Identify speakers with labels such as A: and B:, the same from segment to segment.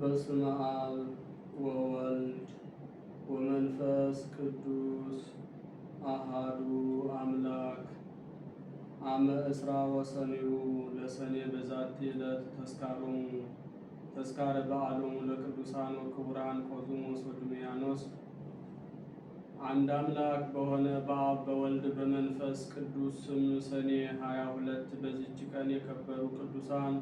A: በስመ አብ ወወልድ ወመንፈስ ቅዱስ አሃዱ አምላክ አመ እስራ ወሰኔው ለሰኔ በዛቲ ዕለት ተስካሮሙ ተስካረ በዓሎሙ ለቅዱሳን ወክቡራን ቆዝሞስ ወድሚያኖስ አንድ አምላክ በሆነ በአብ በወልድ በመንፈስ ቅዱስ ስም ሰኔ ሀያ ሁለት በዚች ቀን የከበሩ ቅዱሳን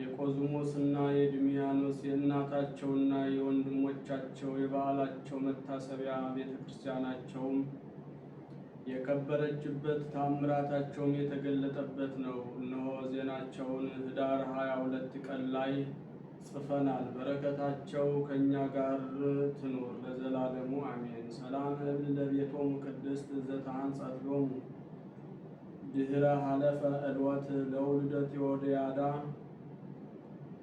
A: የቆዝሞስና የድሚያኖስ የእናታቸውና የወንድሞቻቸው የበዓላቸው መታሰቢያ ቤተ ክርስቲያናቸውም የከበረችበት ታምራታቸውም የተገለጠበት ነው። እነሆ ዜናቸውን ህዳር 22 ቀን ላይ ጽፈናል። በረከታቸው ከእኛ ጋር ትኖር ለዘላለሙ አሜን። ሰላም እብል ለቤቶሙ ቅድስት ዘተአንጸት ሎሙ ድህረ ሀለፈ ዕልወት ለውልደት የወደያዳ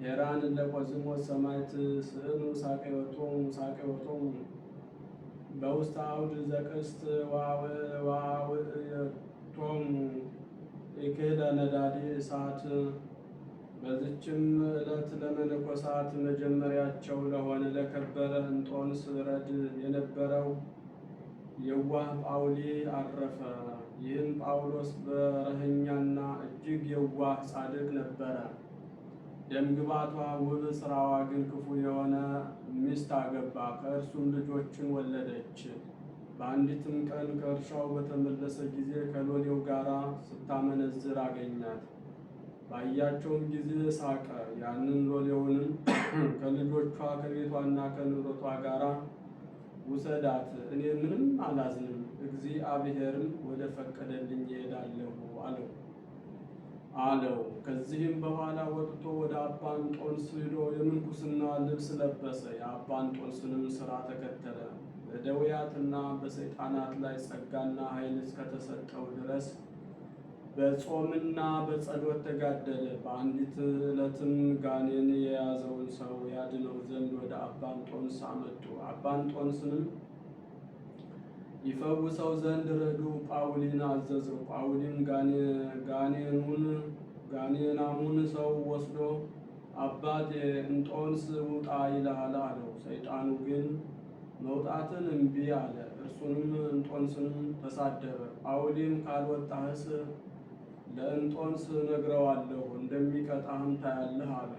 A: የራን ለቆዝሞት ሰማይት ስዕሉ ሳቄወቶም ሳቄወቶም በውስተ አውድ ዘቅስት ዋውእቶም ይክህደ ነዳዲ እሳት። በዚችም ዕለት ለመነኮሳት መጀመሪያቸው ለሆነ ለከበረ እንጦንስ ረድ የነበረው የዋህ ጳውሊ አረፈ። ይህም ጳውሎስ በረህኛና እጅግ የዋህ ጻድቅ ነበረ። ደምግባቷ ውብ ስራዋ ግን ክፉ የሆነ ሚስት አገባ፣ ከእርሱም ልጆችን ወለደች። በአንዲትም ቀን ከእርሻው በተመለሰ ጊዜ ከሎሌው ጋር ስታመነዝር አገኛት። ባያቸውም ጊዜ ሳቀ። ያንን ሎሌውንም ከልጆቿ ከቤቷና ከንብረቷ ጋር ውሰዳት፣ እኔ ምንም አላዝንም፣ እግዚአብሔርም ወደ ፈቀደልኝ እሄዳለሁ አለው። አለው። ከዚህም በኋላ ወጥቶ ወደ አባንጦንስ ሄዶ የምንኩስና ልብስ ለበሰ። የአባንጦንስንም ሥራ ተከተለ። በደውያትና በሰይጣናት ላይ ጸጋና ኃይል እስከተሰጠው ድረስ በጾምና በጸሎት ተጋደለ። በአንዲት ዕለትም ጋኔን የያዘውን ሰው ያድነው ዘንድ ወደ አባንጦንስ አመጡ። አባንጦንስንም ይፈውሰው ዘንድ ረዱ ጳውሊን አዘዘው። ጳውሊም ጋኔናሙን ሰው ወስዶ አባቴ እንጦንስ ውጣ ይልሃል አለው። ሰይጣኑ ግን መውጣትን እምቢ አለ። እርሱንም እንጦንስንም ተሳደበ። ጳውሊም ካልወጣህስ ለእንጦንስ ነግረዋለሁ እንደሚቀጣህም ታያለህ አለ።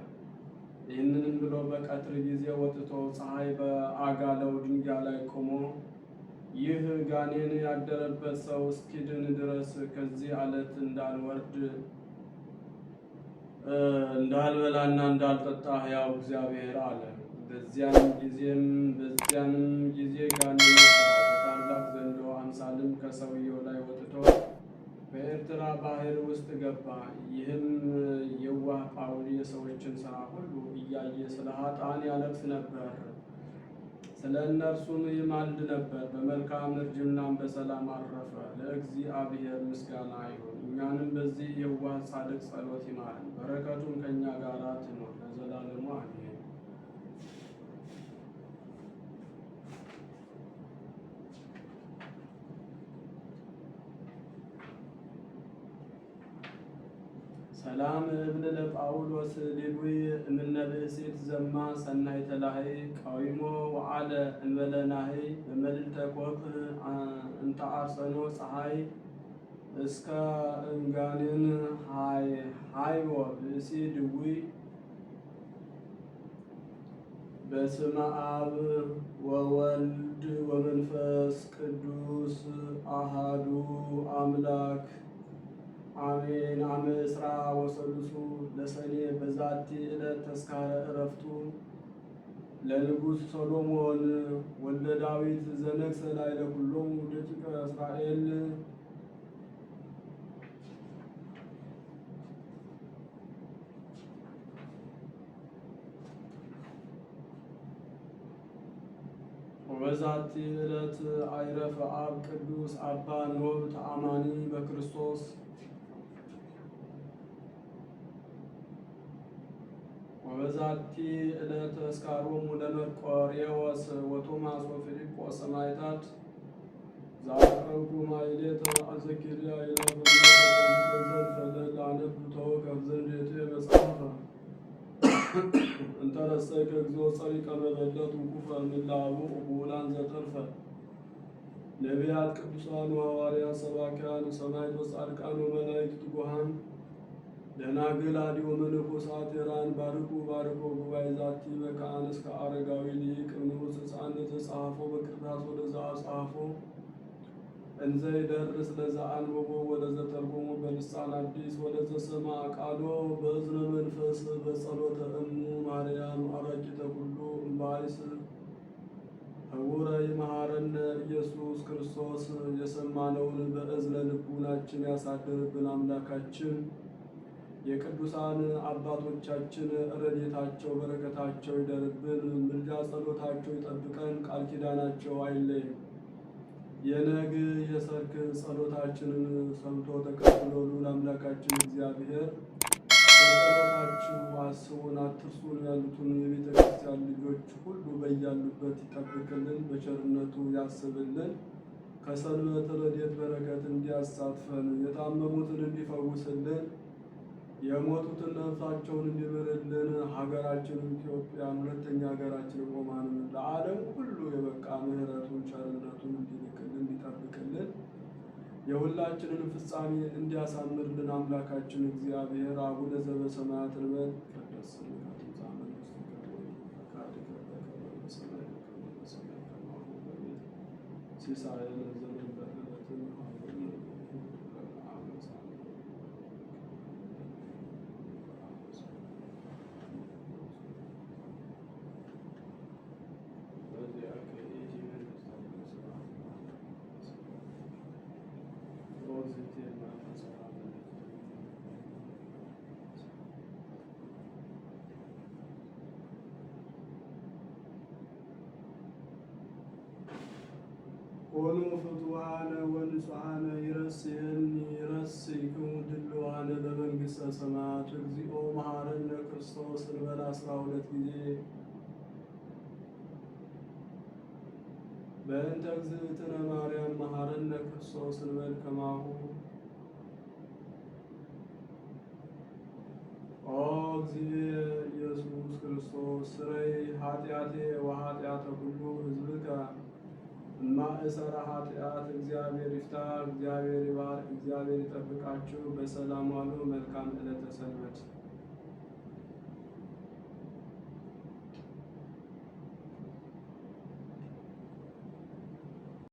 A: ይህንንም ብሎ በቀትር ጊዜ ወጥቶ ፀሐይ በአጋለው ድንጋይ ላይ ቆሞ ይህ ጋኔን ያደረበት ሰው እስኪድን ድረስ ከዚህ አለት እንዳልወርድ እንዳልበላና እንዳልጠጣ ሕያው እግዚአብሔር አለ። በዚያን ጊዜም በዚያንም ጊዜ ጋኔን በታላቅ ዘንዶ አምሳልም ከሰውየው ላይ ወጥቶ በኤርትራ ባህር ውስጥ ገባ። ይህም የዋህ ጳውል የሰዎችን ስራ ሁሉ እያየ ስለ ኃጥአን ያለቅስ ነበር። ስለ እነርሱም ይማልድ ነበር። በመልካም እርጅናም በሰላም አረፈ። ለእግዚአብሔር ምስጋና ይሁን። እኛንም በዚህ የዋህ ጻድቅ ጸሎት ይማረን፣ በረከቱም ከእኛ ጋር ትኖር ለዘላለሙ አሜን። ሰላም እብን ለጳውሎስ ሌጉይ እምነ ብእሲት ዘማ ሰናይ ተላህይ ቃዊሞ ወአለ እንበለናህይ በመልዕልተ ኮፍ እንተ አርሰኖ ፀሐይ እስከ እንጋንን ሃይዎ ብእሲ ድውይ በስመ አብ ወወልድ ወመንፈስ ቅዱስ አሃዱ አምላክ አሜን። አመስራ ወሰሉሱ ለሰኔ በዛቲ ዕለት ተስካረ እረፍቱ ለንጉሥ ሰሎሞን ወልደ ዳዊት ዘነግሠ ላዕለ ኩሎሙ ደቂቀ እስራኤል በዛቲ ዕለት አይረፈ አብ ቅዱስ አባ ኖብ ተአማኒ በክርስቶስ ወበዛቲ ዕለት እስካሮሙ ለመርቆሬዎስ ወቶማስ ወፊልጶስ ሰማዕታት ዘአቅረብኩ ማኅሌተ አዘኪርያ ይላፍ ዘንድ ለአነብ ተወከፍ ዘንድ የቴ መጽሐፈ እንተ ረሰይከ እግዚኦ ውቁፈ ዘተርፈ ነቢያት፣ ቅዱሳን፣ ሰማዕታት፣ ጻድቃን ወመላእክት ትጉሃን ደናግል አዲዮ መነኮሳት ራን ባርኩ ባርኮ ጉባኤ ዛቲ በካህን እስከ አረጋዊ ሊቅ ንዑስ ሕፃን ተጻሐፎ በቅርታስ ወደዛ ጻሐፎ እንዘ ይደርስ ለዛ አንብቦ ወደዘ ተርጎሞ በልሳን አዲስ ወደዘ ሰማ ቃሎ በእዝነ መንፈስ በጸሎተ እሙ ማርያም አራቂተ ኩሉ እምባይስ እውረ ይመሐረነ ኢየሱስ ክርስቶስ የሰማነውን በእዝነ ልቡናችን ያሳደርብን አምላካችን የቅዱሳን አባቶቻችን ረድኤታቸው በረከታቸው ይደርብን፣ ምልጃ ጸሎታቸው ይጠብቀን፣ ቃል ኪዳናቸው አይለይም። የነግ የሰርክ ጸሎታችንን ሰምቶ ተቀብሎ ልዑል አምላካችን እግዚአብሔር ጸሎታችሁ አስቡን አትርሱን ያሉትን የቤተ ክርስቲያን ልጆች ሁሉ በያሉበት ይጠብቅልን፣ በቸርነቱ ያስብልን። ከሰንበት ረድኤት በረከት እንዲያሳትፈን፣ የታመሙትን እንዲፈውስልን የሞቱትን ነፍሳቸውን እንዲምርልን ሀገራችን ኢትዮጵያ ሁለተኛ ሀገራችን ሮማንም ለዓለም ሁሉ የበቃ ምሕረቱን ቸርነቱን እንዲልክልን እንዲጠብቅልን የሁላችንን ፍጻሜ እንዲያሳምርልን አምላካችን እግዚአብሔር አቡነ ዘበሰማያት ንበት ቅዱስ ሲሳ كونوا ፍጡዋነ ወንጹዓነ ይረስየኒ ይረስይ ክሙ ድልዋነ ለመንግሥተ ሰማያት እግዚኦ መሐረነ ክርስቶስ እንበል አስራ ሁለት ጊዜ በእንተ እግዝእትነ ክርስቶስ እንበል ከማሁ ኦ እግዚእ ኢየሱስ ክርስቶስ ስረይ ኃጢአቴ ወኃጢአተ ኩሉ ህዝብከ እማእሰረ ኃጢአት እግዚአብሔር ይፍታ። እግዚአብሔር ይባርክ። እግዚአብሔር ይጠብቃችሁ። በሰላም ዋሉ። መልካም ዕለተ ሰንበት